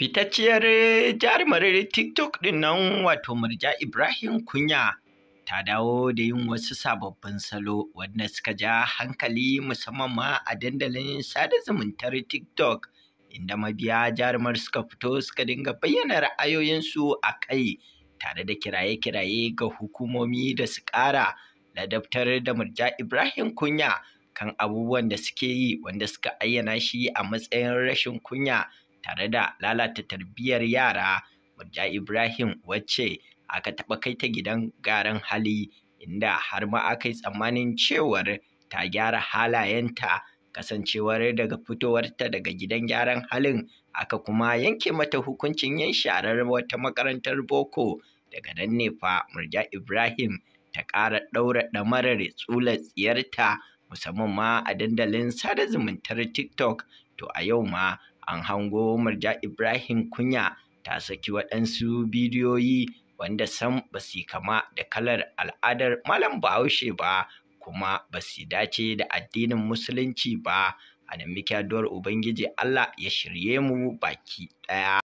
fitacciyar jarumar tiktok ɗin nan wato murja ibrahim kunya ta dawo da yin wasu sababbin salo wanda suka ja hankali musamman ma a dandalin sada zumuntar tiktok inda mabiya jarumar suka fito suka dinga bayyana ra'ayoyinsu a kai tare da kiraye-kiraye ga hukumomi da su ƙara ladabtar da murja ibrahim kunya kan abubuwan da suke yi wanda suka ayyana shi a matsayin rashin kunya tare da lalata tarbiyyar yara Murja Ibrahim wacce aka taɓa kai ta gidan garin hali inda har ma aka yi tsammanin cewar ta gyara halayenta kasancewar daga fitowarta daga gidan gyaran halin aka kuma yanke mata hukuncin yin sharar wata makarantar boko daga nan ne fa murja ibrahim ta ƙara ɗaura ɗamarar tsula tsiyarta musamman ma a dandalin sada zumuntar tiktok to a yau ma an hango Marja Ibrahim Kunya ta saki waɗansu bidiyoyi wanda sam ba su kama da kalar al'adar malam bahaushe ba kuma ba su dace da addinin musulunci ba a nan muke ubangiji Allah ya shirye mu baki ɗaya